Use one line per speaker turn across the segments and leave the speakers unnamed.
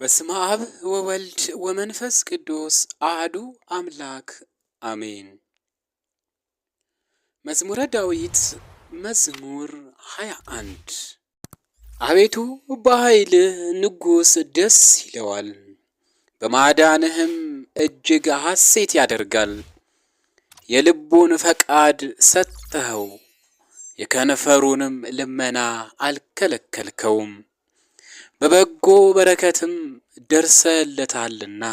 በስመ አብ ወወልድ ወመንፈስ ቅዱስ አህዱ አምላክ አሜን። መዝሙረ ዳዊት መዝሙር 21 አቤቱ በኃይልህ ንጉሥ ደስ ይለዋል፣ በማዳንህም እጅግ ሐሴት ያደርጋል። የልቡን ፈቃድ ሰጠኸው፣ የከንፈሩንም ልመና አልከለከልከውም። በበጎ በረከትም ደርሰለታልና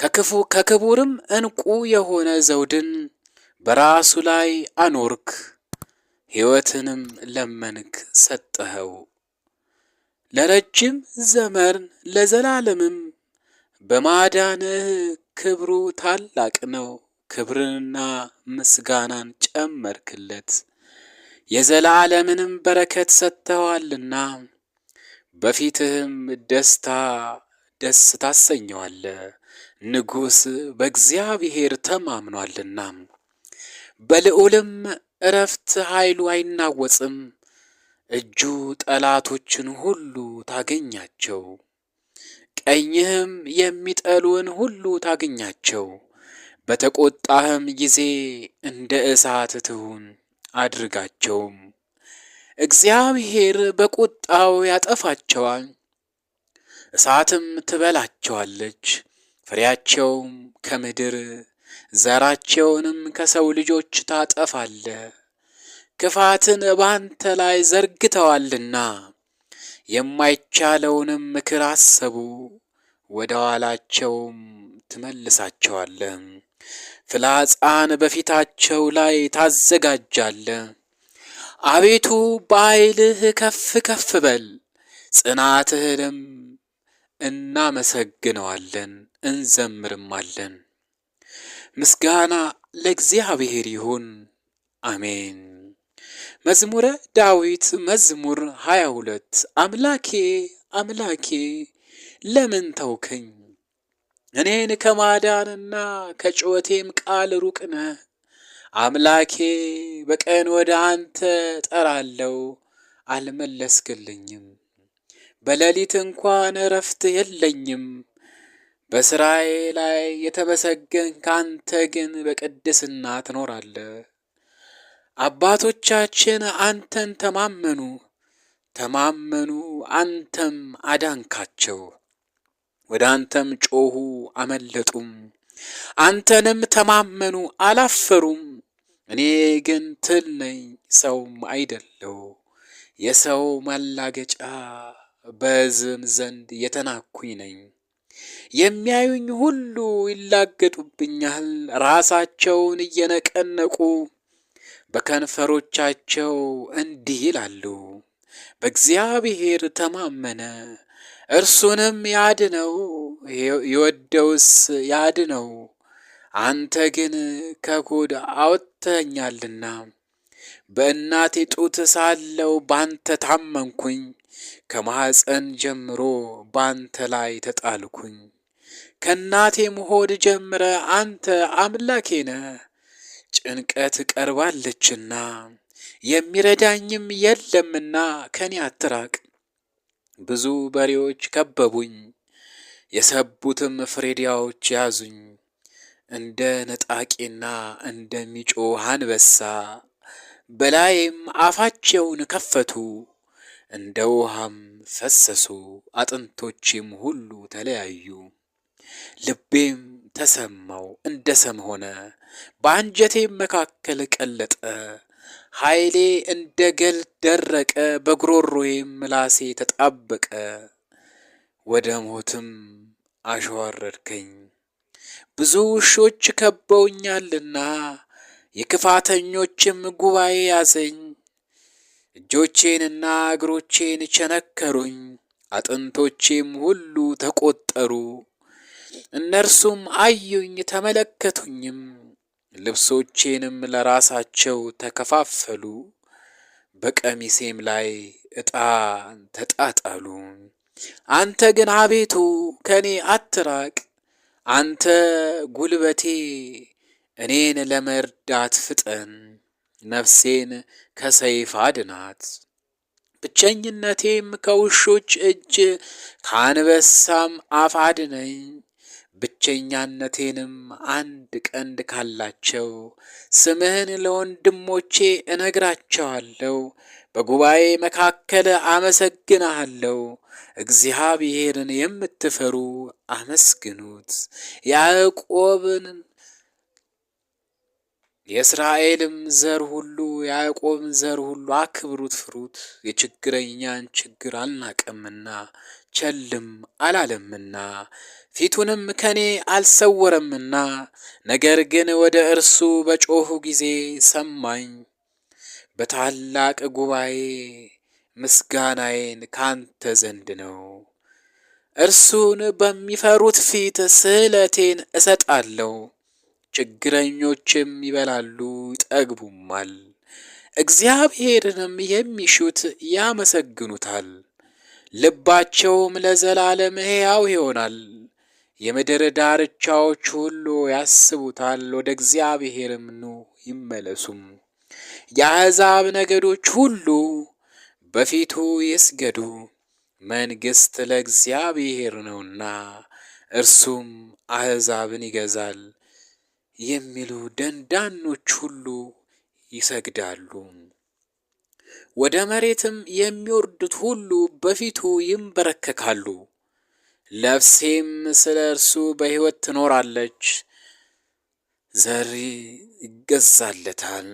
ከክፉ ከክቡርም እንቁ የሆነ ዘውድን በራሱ ላይ አኖርክ፣ ሕይወትንም ለመንክ ሰጠኸው ለረጅም ዘመን ለዘላለምም በማዳንህ ክብሩ ታላቅ ነው። ክብርንና ምስጋናን ጨመርክለት የዘላለምንም በረከት ሰጥተዋልና በፊትህም ደስታ ደስ ታሰኘዋለ ንጉሥ በእግዚአብሔር ተማምኗልና። በልዑልም እረፍት ኃይሉ አይናወጽም። እጁ ጠላቶችን ሁሉ ታገኛቸው፣ ቀኝህም የሚጠሉን ሁሉ ታገኛቸው። በተቆጣህም ጊዜ እንደ እሳት ትሁን አድርጋቸውም። እግዚአብሔር በቁጣው ያጠፋቸዋል፣ እሳትም ትበላቸዋለች። ፍሬያቸውም ከምድር ዘራቸውንም ከሰው ልጆች ታጠፋለ። ክፋትን በአንተ ላይ ዘርግተዋልና የማይቻለውንም ምክር አሰቡ፣ ወደ ኋላቸውም ትመልሳቸዋለ። ፍላጻን በፊታቸው ላይ ታዘጋጃለ። አቤቱ በኃይልህ ከፍ ከፍ በል፣ ጽናትህንም እናመሰግነዋለን እንዘምርማለን። ምስጋና ለእግዚአብሔር ይሁን፣ አሜን። መዝሙረ ዳዊት መዝሙር 22 አምላኬ አምላኬ ለምን ተውከኝ? እኔን ከማዳንና ከጩኸቴም ቃል ሩቅ ነህ አምላኬ በቀን ወደ አንተ ጠራለው አልመለስክልኝም። በሌሊት እንኳን እረፍት የለኝም። በስራዬ ላይ የተመሰገን ካንተ ግን በቅድስና ትኖራለ አባቶቻችን አንተን ተማመኑ ተማመኑ፣ አንተም አዳንካቸው። ወደ አንተም ጮኹ አመለጡም፣ አንተንም ተማመኑ አላፈሩም። እኔ ግን ትል ነኝ ሰውም አይደለው የሰው ማላገጫ በሕዝብም ዘንድ የተናኩኝ ነኝ። የሚያዩኝ ሁሉ ይላገጡብኛል፣ ራሳቸውን እየነቀነቁ በከንፈሮቻቸው እንዲህ ይላሉ፣ በእግዚአብሔር ተማመነ እርሱንም ያድነው ይወደውስ ያድነው። አንተ ግን ከጎድ አወጥ ረድተኸኛልና በእናቴ ጡት ሳለው ባንተ ታመንኩኝ፣ ከማኅፀን ጀምሮ ባንተ ላይ ተጣልኩኝ። ከእናቴ መሆድ ጀምረ አንተ አምላኬ ነህ። ጭንቀት ቀርባለችና የሚረዳኝም የለምና ከኔ አትራቅ። ብዙ በሬዎች ከበቡኝ፣ የሰቡትም ፍሪዳዎች ያዙኝ። እንደ ነጣቂና እንደሚጮህ አንበሳ በላይም አፋቸውን ከፈቱ፣ እንደ ውሃም ፈሰሱ፣ አጥንቶቼም ሁሉ ተለያዩ። ልቤም ተሰማው እንደ ሰም ሆነ፣ በአንጀቴም መካከል ቀለጠ። ኃይሌ እንደ ገል ደረቀ፣ በጉሮሮዬም ምላሴ ተጣበቀ። ወደ ሞትም አሸዋረድከኝ። ብዙ ውሾች ከበውኛልና የክፋተኞችም ጉባኤ ያዘኝ። እጆቼንና እግሮቼን ቸነከሩኝ፣ አጥንቶቼም ሁሉ ተቆጠሩ። እነርሱም አዩኝ ተመለከቱኝም፣ ልብሶቼንም ለራሳቸው ተከፋፈሉ፣ በቀሚሴም ላይ ዕጣ ተጣጣሉ። አንተ ግን አቤቱ ከእኔ አትራቅ አንተ ጉልበቴ እኔን ለመርዳት ፍጠን፣ ነፍሴን ከሰይፍ አድናት። ብቸኝነቴም ከውሾች እጅ ከአንበሳም አፍ አድነኝ። ብቸኛነቴንም አንድ ቀንድ ካላቸው ስምህን ለወንድሞቼ እነግራቸዋለሁ። በጉባኤ መካከል አመሰግናሃለሁ። እግዚአብሔርን የምትፈሩ አመስግኑት። ያዕቆብን የእስራኤልም ዘር ሁሉ ያዕቆብን ዘር ሁሉ አክብሩት፣ ፍሩት። የችግረኛን ችግር አልናቀምና ቸልም አላለምና ፊቱንም ከኔ አልሰወረምና፣ ነገር ግን ወደ እርሱ በጮኹ ጊዜ ሰማኝ። በታላቅ ጉባኤ ምስጋናዬን ካንተ ዘንድ ነው። እርሱን በሚፈሩት ፊት ስእለቴን እሰጣለሁ። ችግረኞችም ይበላሉ ይጠግቡማል፣ እግዚአብሔርንም የሚሹት ያመሰግኑታል። ልባቸውም ለዘላለም ሕያው ይሆናል። የምድር ዳርቻዎች ሁሉ ያስቡታል። ወደ እግዚአብሔርም ኑ ይመለሱም። የአሕዛብ ነገዶች ሁሉ በፊቱ ይስገዱ፣ መንግሥት ለእግዚአብሔር ነውና እርሱም አሕዛብን ይገዛል የሚሉ ደንዳኖች ሁሉ ይሰግዳሉ። ወደ መሬትም የሚወርዱት ሁሉ በፊቱ ይንበረከካሉ። ነፍሴም ስለ እርሱ በሕይወት ትኖራለች፣ ዘር ይገዛለታል።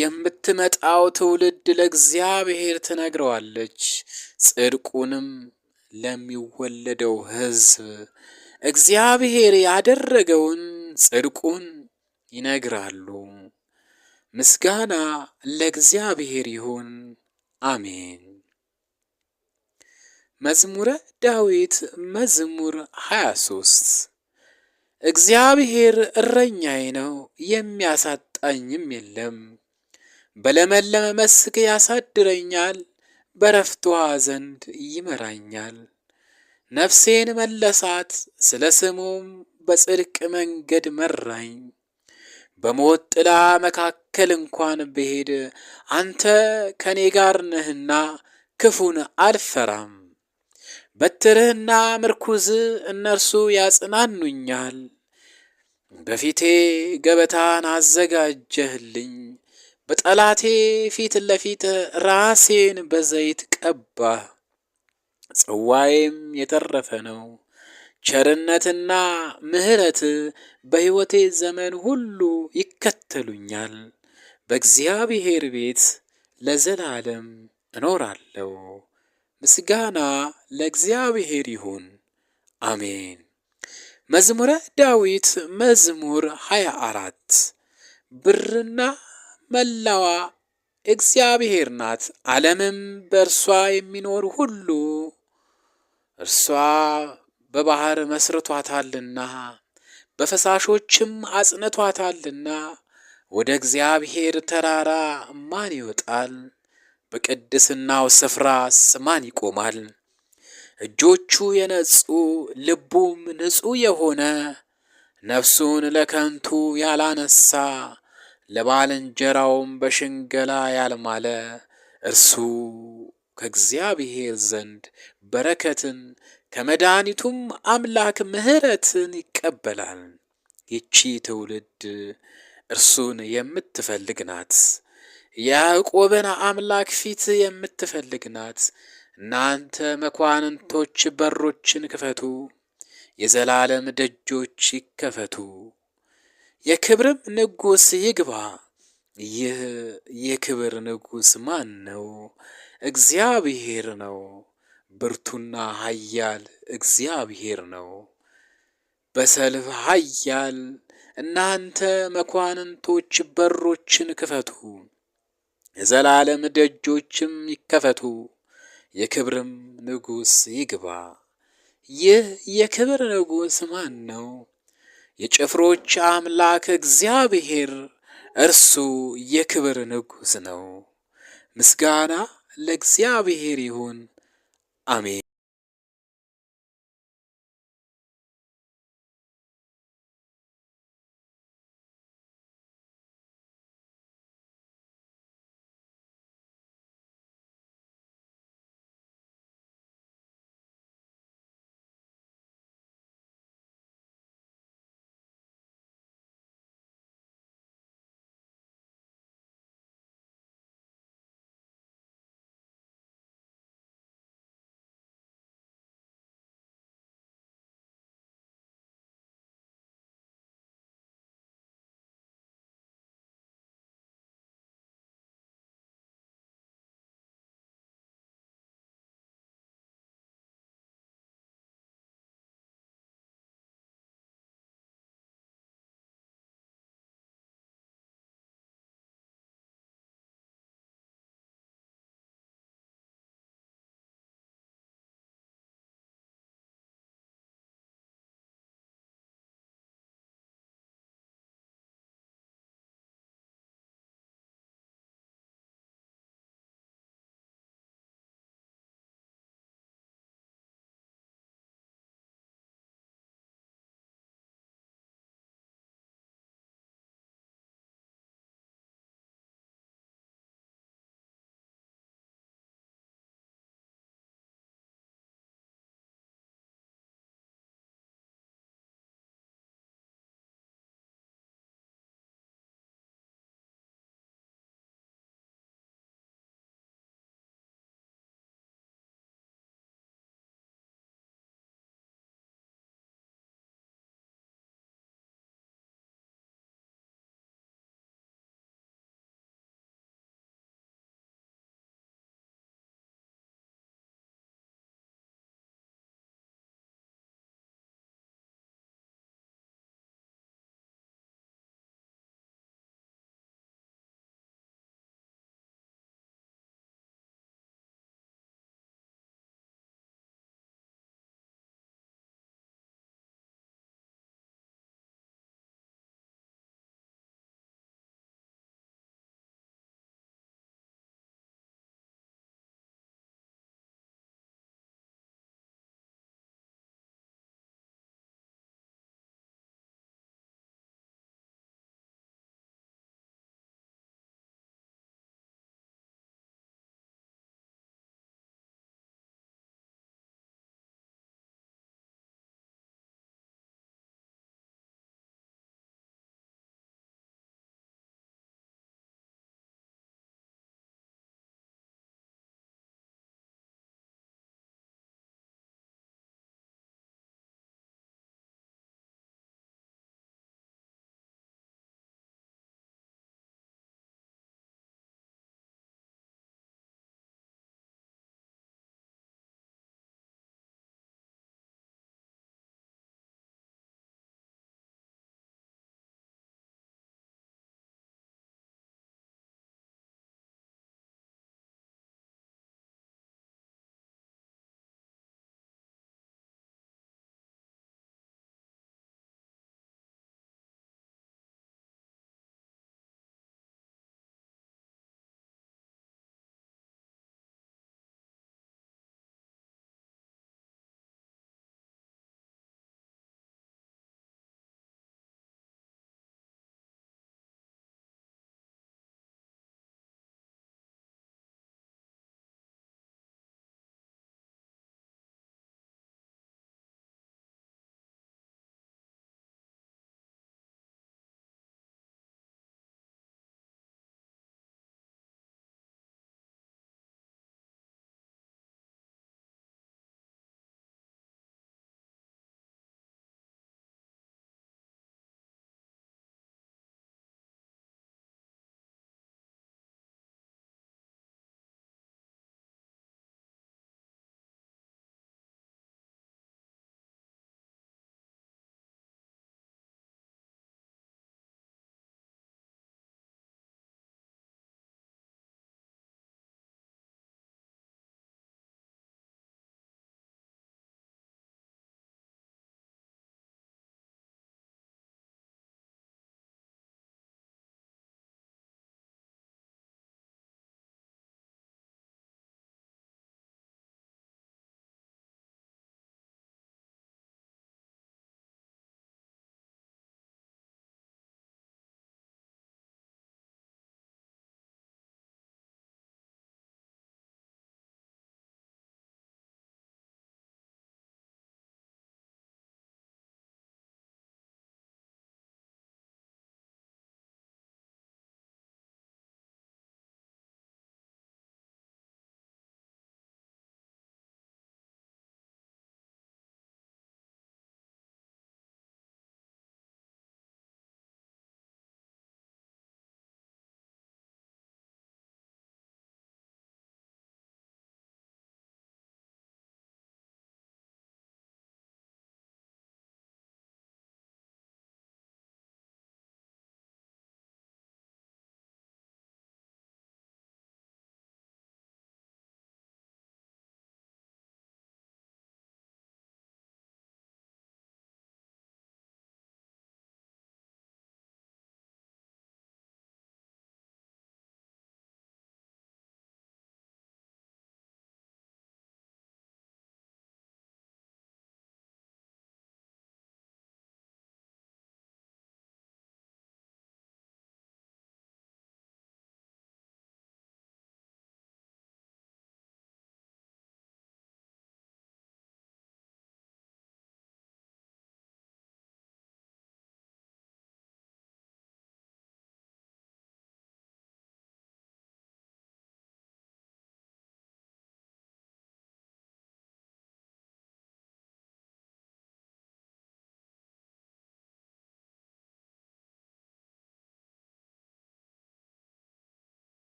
የምትመጣው ትውልድ ለእግዚአብሔር ትነግረዋለች፣ ጽድቁንም ለሚወለደው ሕዝብ እግዚአብሔር ያደረገውን ጽድቁን ይነግራሉ። ምስጋና ለእግዚአብሔር ይሁን፣ አሜን። መዝሙረ ዳዊት መዝሙር 23 እግዚአብሔር እረኛዬ ነው፣ የሚያሳጣኝም የለም በለመለመ መስክ ያሳድረኛል፣ በረፍት ዘንድ ይመራኛል። ነፍሴን መለሳት፣ ስለ ስሙም በጽድቅ መንገድ መራኝ። በሞት ጥላ መካከል እንኳን ብሄድ አንተ ከእኔ ጋር ነህና ክፉን አልፈራም። በትርህና ምርኩዝ እነርሱ ያጽናኑኛል። በፊቴ ገበታን አዘጋጀህልኝ በጠላቴ ፊት ለፊት ራሴን በዘይት ቀባ፣ ጽዋዬም የተረፈ ነው። ቸርነትና ምሕረት በሕይወቴ ዘመን ሁሉ ይከተሉኛል። በእግዚአብሔር ቤት ለዘላለም እኖራለሁ። ምስጋና ለእግዚአብሔር ይሁን፣ አሜን። መዝሙረ ዳዊት መዝሙር 24 ብርና መላዋ እግዚአብሔር ናት። ዓለምም በእርሷ የሚኖር ሁሉ እርሷ በባህር መስርቷታልና በፈሳሾችም አጽነቷታልና ወደ እግዚአብሔር ተራራ ማን ይወጣል? በቅድስናው ስፍራስ ማን ይቆማል? እጆቹ የነጹ ልቡም ንጹሕ የሆነ ነፍሱን ለከንቱ ያላነሳ ለባልንጀራውም በሽንገላ ያልማለ እርሱ ከእግዚአብሔር ዘንድ በረከትን ከመድኃኒቱም አምላክ ምሕረትን ይቀበላል። ይቺ ትውልድ እርሱን የምትፈልግ ናት፣ የያዕቆብን አምላክ ፊት የምትፈልግ ናት። እናንተ መኳንንቶች በሮችን ክፈቱ፣ የዘላለም ደጆች ይከፈቱ። የክብርም ንጉስ ይግባ። ይህ የክብር ንጉስ ማን ነው? እግዚአብሔር ነው። ብርቱና ኃያል እግዚአብሔር ነው። በሰልፍ ኃያል እናንተ መኳንንቶች በሮችን ክፈቱ፣ የዘላለም ደጆችም ይከፈቱ፣ የክብርም ንጉስ ይግባ። ይህ የክብር ንጉስ ማን ነው? የጭፍሮች አምላክ እግዚአብሔር እርሱ የክብር ንጉሥ ነው። ምስጋና ለእግዚአብሔር ይሁን፣ አሜን።